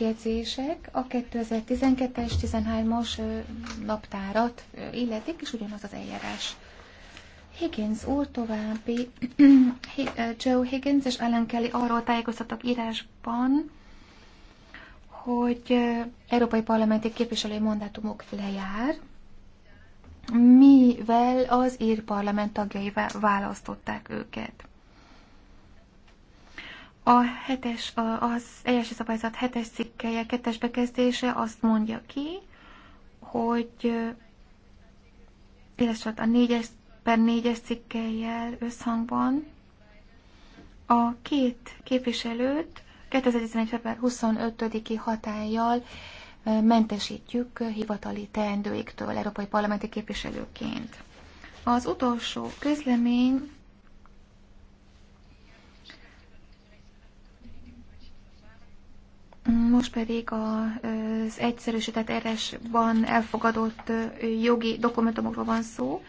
megjegyzések a 2012-es, 13-as naptárat illetik, és ugyanaz az eljárás. Higgins úr további, Joe Higgins és Ellen Kelly arról tájékoztattak írásban, hogy európai parlamenti képviselői mandátumok lejár, mivel az ír parlament tagjai választották őket. A hetes, az első szabályzat hetes cikkelje, kettes bekezdése azt mondja ki, hogy illetve a négyes per négyes cikkeljel összhangban a két képviselőt 2011. február 25-i hatállyal mentesítjük hivatali teendőiktől európai parlamenti képviselőként. Az utolsó közlemény Most pedig az egyszerűsített eresban elfogadott jogi dokumentumokról van szó.